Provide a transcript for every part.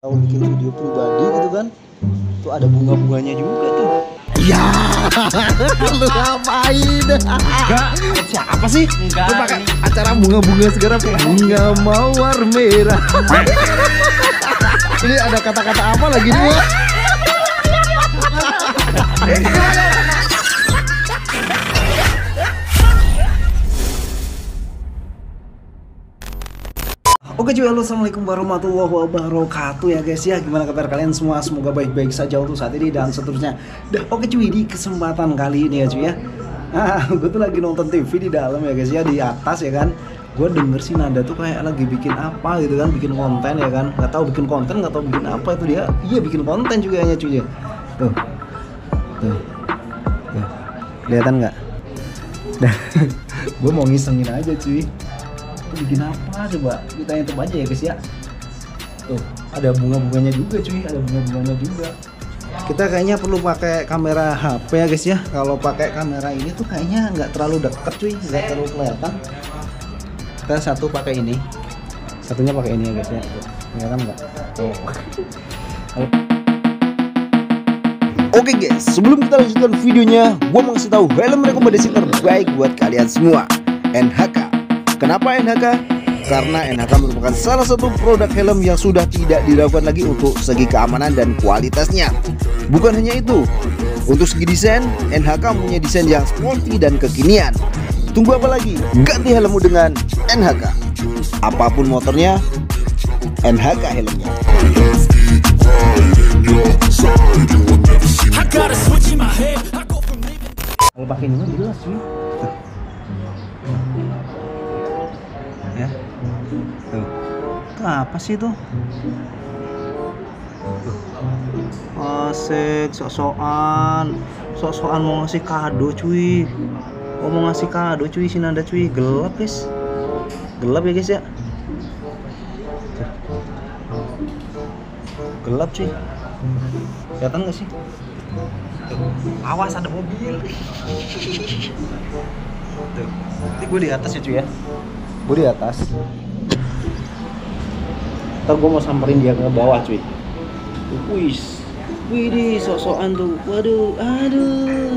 tahu bikin video pribadi gitu kan tuh ada bunga-bunganya juga tuh ya lu ngapain enggak eh, apa sih enggak lu pakai acara bunga-bunga segera bunga mawar merah ini ada kata-kata apa lagi nih eh, Oke cuy, halo assalamualaikum warahmatullahi wabarakatuh ya guys ya Gimana kabar kalian semua, semoga baik-baik saja untuk saat ini dan seterusnya Dah oke cuy, di kesempatan kali ini ya cuy ya Nah, gue tuh lagi nonton TV di dalam ya guys ya, di atas ya kan gue denger sih Nanda tuh kayak lagi bikin apa gitu kan bikin konten ya kan Gak tau bikin konten gak tau bikin apa itu dia iya bikin konten juga ya cuy ya tuh tuh, tuh. kelihatan nggak gue mau ngisengin aja cuy bikin apa coba kita yang aja ya guys ya tuh ada bunga-bunganya juga cuy ada bunga-bunganya juga kita kayaknya perlu pakai kamera HP ya guys ya kalau pakai kamera ini tuh kayaknya nggak terlalu deket cuy nggak terlalu kelihatan kita satu pakai ini satunya pakai ini ya guys ya kelihatan nggak tuh Oke okay guys, sebelum kita lanjutkan videonya, gue mau kasih tahu helm rekomendasi terbaik buat kalian semua. NHK Kenapa NHK? Karena NHK merupakan salah satu produk helm yang sudah tidak diragukan lagi untuk segi keamanan dan kualitasnya. Bukan hanya itu, untuk segi desain, NHK punya desain yang sporty dan kekinian. Tunggu apa lagi? Ganti helmmu dengan NHK. Apapun motornya, NHK helmnya. Kalau pakai ini jelas sih. itu apa sih tuh asik sok-sokan sok-sokan mau ngasih kado cuy oh, mau ngasih kado cuy sini ada cuy gelap guys gelap ya guys ya gelap cuy kelihatan gak sih awas ada mobil tuh nanti gue di atas ya cuy ya gue di atas ntar gue mau samperin dia ke bawah cuy wis widih sosokan tuh waduh aduh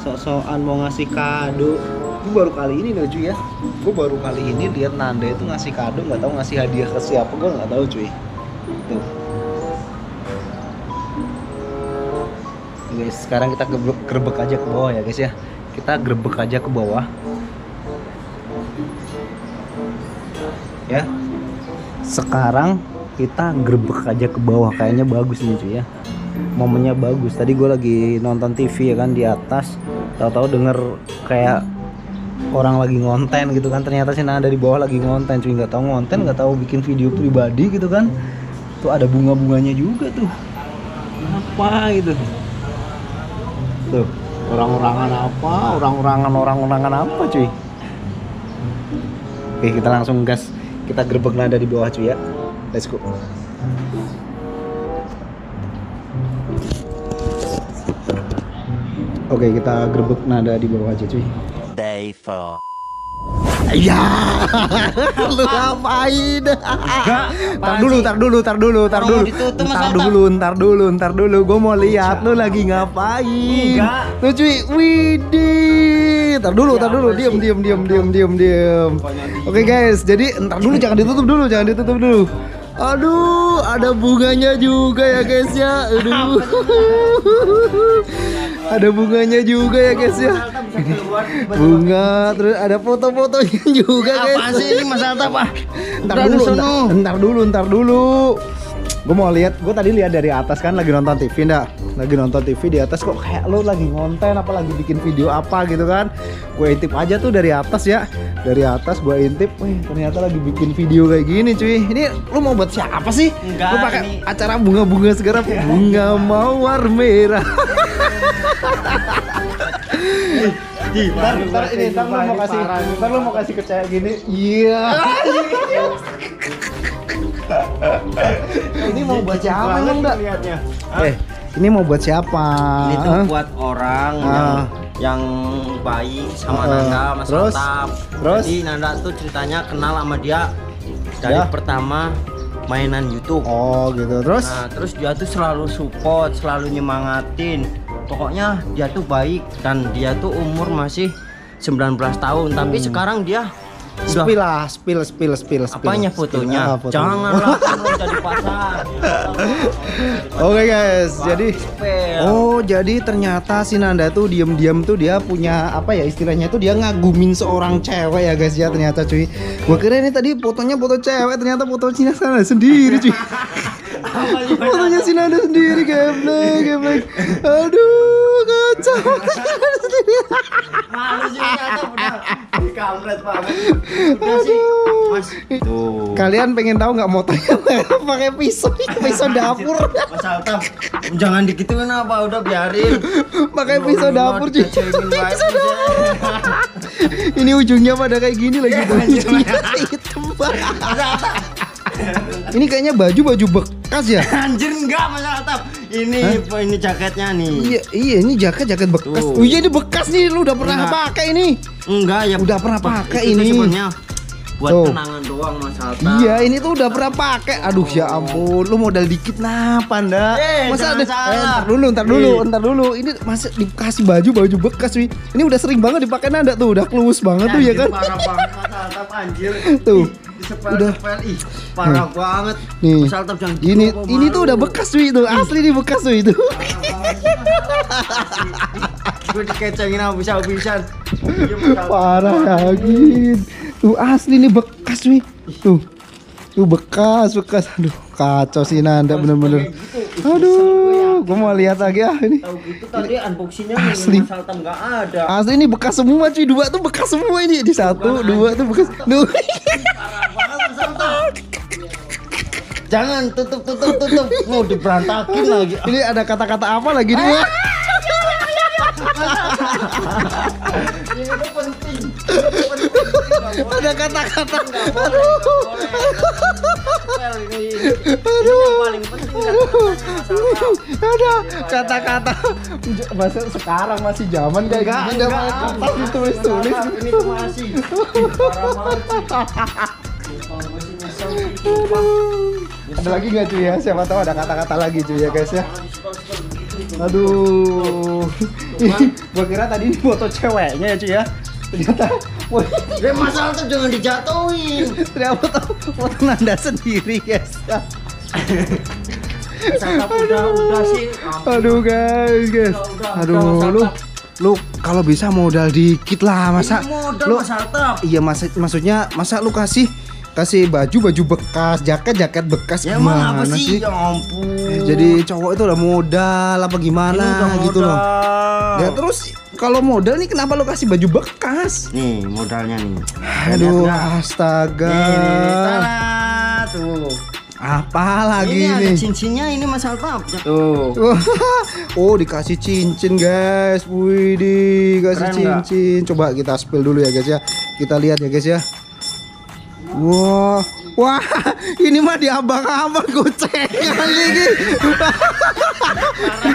sosokan mau ngasih kado gue baru kali ini loh cuy ya gue baru kali ini lihat Nanda itu ngasih kado nggak tahu ngasih hadiah ke siapa gue nggak tahu cuy tuh guys sekarang kita gerbek, gerbek aja ke bawah ya guys ya kita gerbek aja ke bawah ya sekarang kita gerbek aja ke bawah kayaknya bagus nih cuy ya momennya bagus tadi gue lagi nonton TV ya kan di atas tahu-tahu denger kayak orang lagi ngonten gitu kan ternyata sih nah dari bawah lagi ngonten cuy nggak tahu ngonten nggak tahu bikin video pribadi gitu kan tuh ada bunga-bunganya juga tuh apa gitu tuh orang-orangan apa orang-orangan orang-orangan apa cuy oke kita langsung gas kita gerbek nada di bawah cuy ya let's go Oke, okay, kita gerbek nada di bawah aja cuy. Day 4. Iya. Lu ngapain? Enggak. Tar dulu, tar dulu, tar dulu, tar dulu. Ntar dulu, ntar dulu, ntar dulu. Gue mau lihat lu lagi ngapain. Lu cuy, widi. Tar dulu, tar dulu. Diam, diam, diam, diam, diam, diam. Oke guys, jadi ntar dulu jangan ditutup dulu, jangan ditutup dulu. Aduh, ada bunganya juga ya guys ya. Aduh. ada bunganya juga ya guys ya bunga terus ada foto-fotonya juga guys apa sih ini mas Alta pak ntar dulu ntar, dulu ntar dulu gue mau lihat gue tadi lihat dari atas kan lagi nonton TV ndak lagi nonton TV di atas kok kayak lo lagi ngonten apa lagi bikin video apa gitu kan gue intip aja tuh dari atas ya dari atas gue intip wih ternyata lagi bikin video kayak gini cuy ini lo mau buat siapa sih Enggak, lo pakai ini... acara bunga-bunga segera iya. bunga iya. mawar merah Ntar, ntar ini, ntar lo mau kasih, ntar lo mau kasih kecaya gini. Iya. Yeah. ini mau buat siapa emang enggak? Eh, ini mau buat siapa? Ini tuh buat orang uh. yang yang baik sama uh, Nanda, Mas terus, Mantap. Terus? Jadi Nanda tuh ceritanya kenal sama dia dari ya? pertama mainan YouTube. Oh gitu. Terus? Nah, terus dia tuh selalu support, selalu nyemangatin. Pokoknya dia tuh baik dan dia tuh umur masih 19 tahun, hmm. tapi sekarang dia Spill lah, spill, spill, spill, spill. Apanya fotonya? Spill, ah, fotonya. Janganlah kamu jadi pasar. Oke okay, guys, jadi oh jadi ternyata si Nanda tuh diem-diem tuh dia punya apa ya istilahnya tuh dia ngagumin seorang cewek ya guys ya ternyata cuy. Gue kira ini tadi fotonya foto cewek ternyata foto Cina sana sendiri cuy. fotonya si Nanda sendiri gameplay, gameplay. Aduh kacau. Malu juga kampret pak udah sih mas tuh kalian pengen tahu nggak motornya pakai pisau pisau dapur mas Altam jangan dikitin apa udah biarin pakai pisau dapur cuy pisau dapur ini ujungnya pada kayak gini lagi ujungnya iya, gitu, ini kayaknya baju baju bekas ya anjir enggak mas Altam ini Hah? ini jaketnya nih. Iya, iya ini jaket jaket bekas. Oh iya ini bekas nih lu udah pernah Enggak. pakai ini. Enggak ya. Udah pernah pakai ini. Sebenarnya buat tuh. kenangan doang Mas Alta. Iya, ini tuh udah pernah pakai. Aduh ya oh. ya ampun, lu modal dikit napa Nda? Eh, Masa ada eh, ntar dulu, ntar dulu, eh. ntar dulu. Ini masih dikasih baju baju bekas, Wi. Ini udah sering banget dipakai Nanda tuh, udah kelus banget ya, tuh ya kan. Parah banget Mas Alta anjir. Tuh udah ih parah nih. banget nih Pasal ini gitu, ini tuh udah bekas cuy itu asli nih bekas cuy itu gue dikecengin sama iya, bisa habisan parah lagi tuh asli nih bekas cuy tuh itu bekas, bekas. Aduh, kacau sih Nanda bener-bener. Gitu, gitu, Aduh, ya. gue mau lihat lagi ah ini. Tahu gitu tadi unboxingnya ah, asli. ada. Asli ini bekas semua cuy, dua tuh bekas semua ini. Di satu, Bukan dua aja. tuh bekas. Duh. Jangan tutup tutup tutup mau diberantakin lagi. Ini ada kata-kata apa lagi nih? Ini penting ada kata-kata Aduh. boleh Aduh. aduh ada kata-kata masa sekarang masih zaman kayak gak ada kata ditulis-tulis ini masih ada lagi nggak cuy ya siapa tahu ada kata-kata lagi cuy ya guys ya aduh gua kira tadi foto ceweknya ya cuy ya ternyata Ya masalah tuh jangan dijatuhin. Ternyata potong nanda sendiri guys. Aduh, udah udah sih. Aduh guys guys. Aduh lu lu kalau bisa modal dikit lah masa modal lu, iya mas, maksudnya masa lu kasih kasih baju baju bekas jaket jaket bekas ya, gimana apa sih, sih? Ya ampun. Eh, jadi cowok itu udah modal apa gimana gitu modal. loh ya terus kalau modal nih kenapa lo kasih baju bekas? Nih modalnya nih. Aduh, astaga. Nih, nih, nih, tuh. Apa lagi ini? Ini ada cincinnya ini Mas Alfa. Tuh. oh, dikasih cincin, guys. Wih, dikasih Keren cincin. Gak? Coba kita spill dulu ya, guys ya. Kita lihat ya, guys ya. Wah. Wow. Wah, ini mah di abang-abang kali, ini.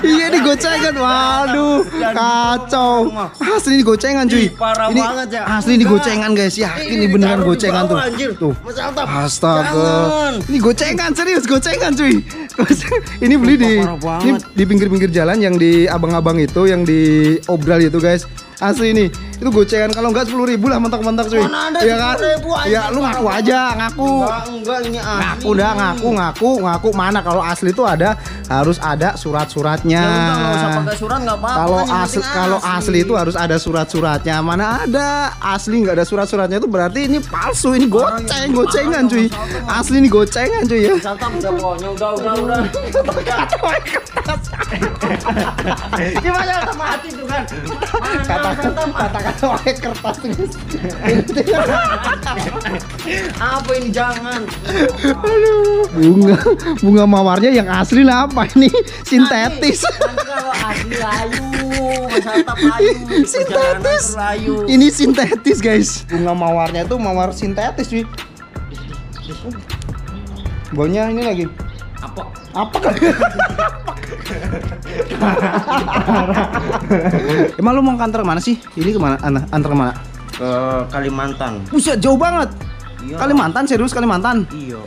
iya ini gocengan. Waduh, kacau. Asli ini gocengan cuy. Ini ya. asli ini gocengan guys. Yakin ini beneran gocengan tuh. Tuh. Astaga. Ini gocengan serius gocengan cuy. ini beli di di pinggir-pinggir jalan yang di abang-abang itu yang di obral itu guys. Asli ini itu gocengan kalau enggak sepuluh ribu lah mentok-mentok cuy mana ada ya kan ya lu ngaku aja ngaku enggak enggak ngaku dah ngaku ngaku ngaku mana kalau asli itu ada harus ada surat-suratnya ya kalau asli kalau asli itu harus ada surat-suratnya mana ada asli nggak ada surat-suratnya itu berarti ini palsu ini goceng gitu? gocengan cuy asli ini gocengan cuy ya, ya udah udah udah gimana mati kan kata kata pakai kertas apa ini jangan aduh bunga bunga mawarnya yang asli lah apa ini sintetis asli layu sintetis ini sintetis guys bunga mawarnya tuh mawar sintetis cuy baunya ini lagi apa apa kan Emang lu mau kantor mana sih? Ini kemana? Antar kemana? Ke Kalimantan. Buset, jauh banget. Iya. Kalimantan serius Kalimantan. Iya.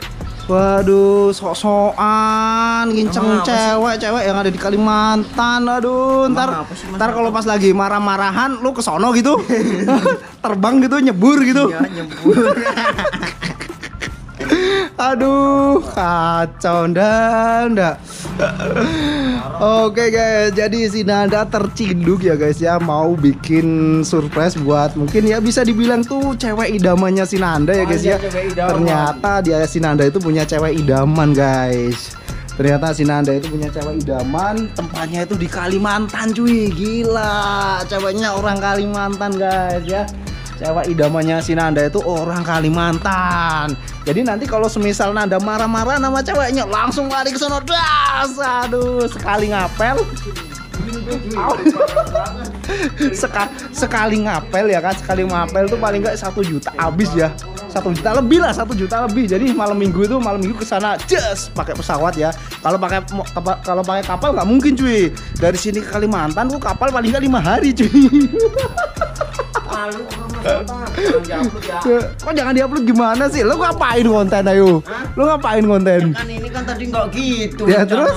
Waduh, sok-sokan ginceng cewek-cewek yang ada di Kalimantan. Aduh, ntar ntar kalau pas lagi marah-marahan lu ke sono gitu. Terbang gitu nyebur gitu. Iya, nyebur. Aduh, kacau ndak ndak. Oke okay guys, jadi si Nada terciduk ya guys ya mau bikin surprise buat mungkin ya bisa dibilang tuh cewek idamannya si Nanda ya oh, guys iya, ya. Ternyata dia si Nanda itu punya cewek idaman guys. Ternyata si Nanda itu punya cewek idaman, tempatnya itu di Kalimantan cuy. Gila, ceweknya orang Kalimantan guys ya cewek idamannya si Nanda itu orang Kalimantan jadi nanti kalau semisal Nanda marah-marah nama ceweknya langsung lari ke sono das aduh sekali ngapel Seka, sekali ngapel ya kan sekali ngapel tuh paling nggak satu juta habis ya satu juta lebih lah satu juta lebih jadi malam minggu itu malam minggu ke sana just pakai pesawat ya kalau pakai kalau pakai kapal nggak mungkin cuy dari sini ke Kalimantan tuh kapal paling nggak lima hari cuy malu ya. Kok jangan diupload gimana sih? Lo ngapain konten ayo? Hah? Lo ngapain konten? Ya kan ini kan tadi nggak gitu. Ya terus?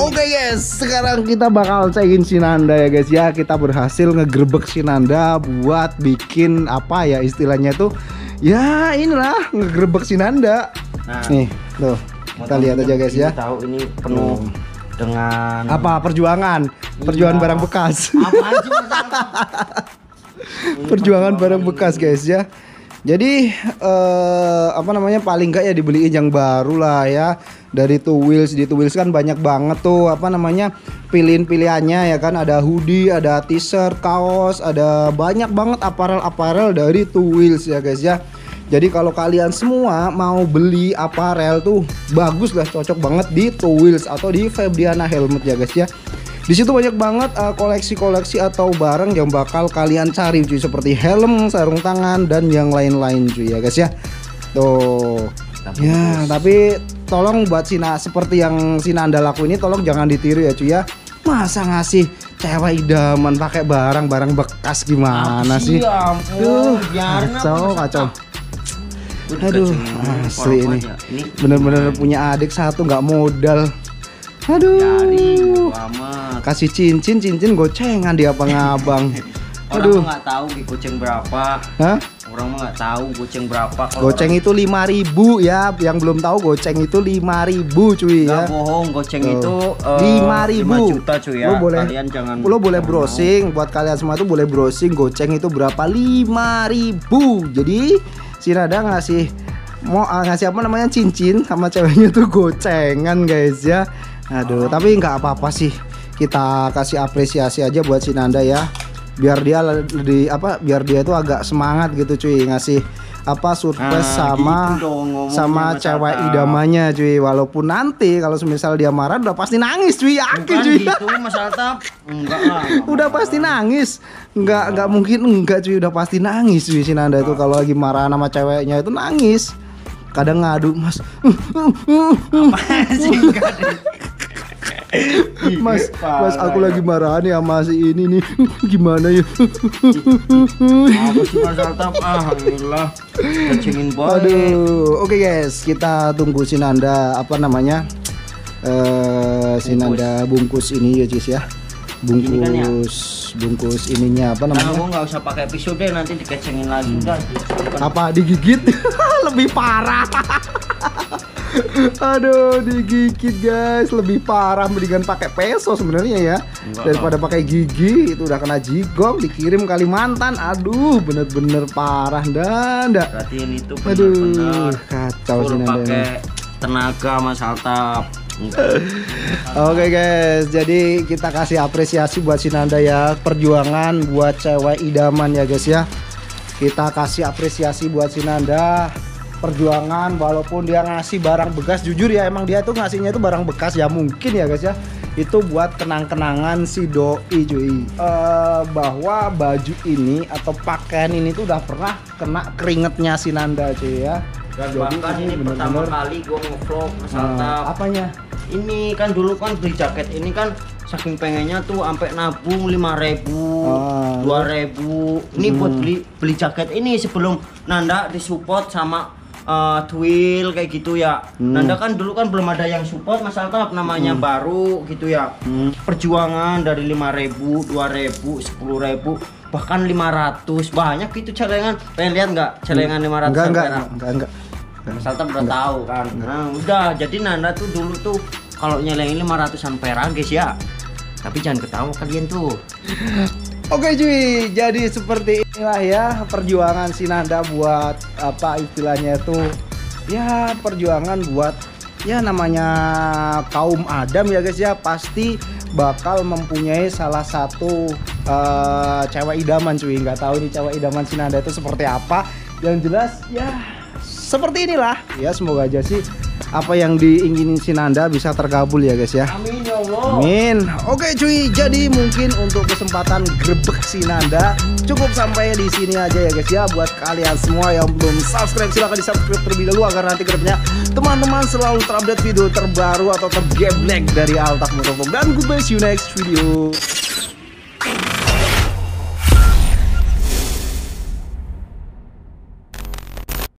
Oke guys, sekarang kita bakal cekin Sinanda ya guys ya. Kita berhasil ngegerbek Sinanda buat bikin apa ya istilahnya tuh ya inilah ngegerbek Sinanda. Nah, Nih, tuh. Kita lihat aja guys ya. Tahu ini penuh dengan apa perjuangan perjuangan iya. barang bekas iya. apa perjuangan barang bekas guys ya jadi eh, apa namanya paling enggak ya dibeliin yang baru lah ya dari Two Wheels di Two Wheels kan banyak banget tuh apa namanya pilihan-pilihannya ya kan ada hoodie, ada t-shirt, kaos, ada banyak banget aparel-aparel dari Two Wheels ya guys ya. Jadi kalau kalian semua mau beli aparel tuh bagus lah cocok banget di Two Wheels atau di Febriana Helmet ya guys ya. Di situ banyak banget eh, koleksi-koleksi uh, atau barang yang bakal kalian cari cuy seperti helm, sarung tangan dan yang lain-lain cuy ya guys ya. Tuh. Tapi ya, tapi tolong buat Sina seperti yang Sina Anda laku ini tolong jangan ditiru ya cuy ya. Masa ngasih cewek idaman pakai barang-barang bekas gimana Api, sih? Ya ampun, kacau, kacau. Aduh, asli ini. ini. Bener-bener punya adik satu nggak modal. Aduh. Jari, Kasih cincin, cincin gocengan dia apa ngabang. Orang Aduh. nggak tahu goceng berapa. Hah? Orang mah nggak tahu goceng berapa. Kalau goceng orang... itu lima ribu ya, yang belum tahu goceng itu lima ribu cuy ya. nggak ya. bohong, goceng oh. itu eh, lima uh, ribu. juta cuy ya. Lo boleh, kalian jangan. Lo boleh browsing, mau. buat kalian semua tuh boleh browsing goceng itu berapa lima ribu. Jadi si Nada ngasih mau ah, ngasih apa namanya cincin sama ceweknya tuh gocengan guys ya aduh tapi nggak apa-apa sih kita kasih apresiasi aja buat si Nanda ya biar dia di apa biar dia itu agak semangat gitu cuy ngasih apa surprise nah, sama gitu dong, sama cewek idamannya cuy walaupun nanti kalau semisal dia marah udah pasti nangis cuy yakin cuy gitu, mas enggak, enggak, udah pasti nangis enggak enggak mungkin enggak cuy udah pasti nangis cuy si Nanda itu kalau lagi marah sama ceweknya itu nangis kadang ngadu mas apa sih mas, iya. mas aku lagi lagi ya. nih sama ya, masih ini nih. Gimana ya? aku alhamdulillah. Kecilin Oke okay guys, kita tunggu si Nanda apa namanya? Eh si Nanda bungkus ini ya guys ya. Kan ya. Bungkus bungkus ininya apa namanya? Kamu nggak usah pakai pisau deh nanti dikecengin lagi hmm. Apa digigit? Lebih parah. Aduh, digigit guys, lebih parah mendingan pakai peso sebenarnya ya daripada pakai gigi itu udah kena jigong dikirim Kalimantan. Aduh, bener-bener parah dan dah. itu bener Aduh, kacau sih pakai tenaga Mas Altap. Oke okay guys, jadi kita kasih apresiasi buat Sinanda ya perjuangan buat cewek idaman ya guys ya. Kita kasih apresiasi buat Sinanda perjuangan walaupun dia ngasih barang bekas jujur ya emang dia tuh ngasihnya itu barang bekas ya mungkin ya guys ya itu buat kenang-kenangan si doi cuy uh, bahwa baju ini atau pakaian ini tuh udah pernah kena keringetnya si Nanda cuy ya dan Jadi bahkan ini, bener -bener. pertama kali gue ngevlog kesantap nah, uh, apanya ini kan dulu kan beli jaket ini kan saking pengennya tuh sampai nabung 5000 ribu, uh, ribu. ini hmm. buat beli beli jaket ini sebelum Nanda disupport sama uh, eh, Twill kayak gitu ya. Hmm. Nanda kan dulu kan belum ada yang support Mas Altaf namanya hmm. baru gitu ya. Hmm. Perjuangan dari 5000, 2000, 10000 bahkan 500 banyak gitu celengan. Pengen lihat nggak celengan hmm. 500 enggak, enggak, enggak, enggak, enggak. Mas Altaf udah enggak. tahu kan. Nah, udah jadi Nanda tuh dulu tuh kalau nyelengin 500-an perak guys ya. Tapi jangan ketawa kalian tuh. Oke cuy, jadi seperti inilah ya perjuangan si Nanda buat apa istilahnya itu ya perjuangan buat ya namanya kaum Adam ya guys ya pasti bakal mempunyai salah satu uh, cewek idaman cuy nggak tahu nih cewek idaman si Nanda itu seperti apa yang jelas ya seperti inilah ya semoga aja sih apa yang diinginin Nanda bisa terkabul ya guys ya. Amin ya Allah. Amin. Oke cuy, jadi mungkin untuk kesempatan grebek Nanda cukup sampai di sini aja ya guys ya. Buat kalian semua yang belum subscribe silahkan di subscribe terlebih dahulu agar nanti kedepannya teman-teman selalu terupdate video terbaru atau tergeblek dari Altak Motovlog. Dan goodbye see you next video.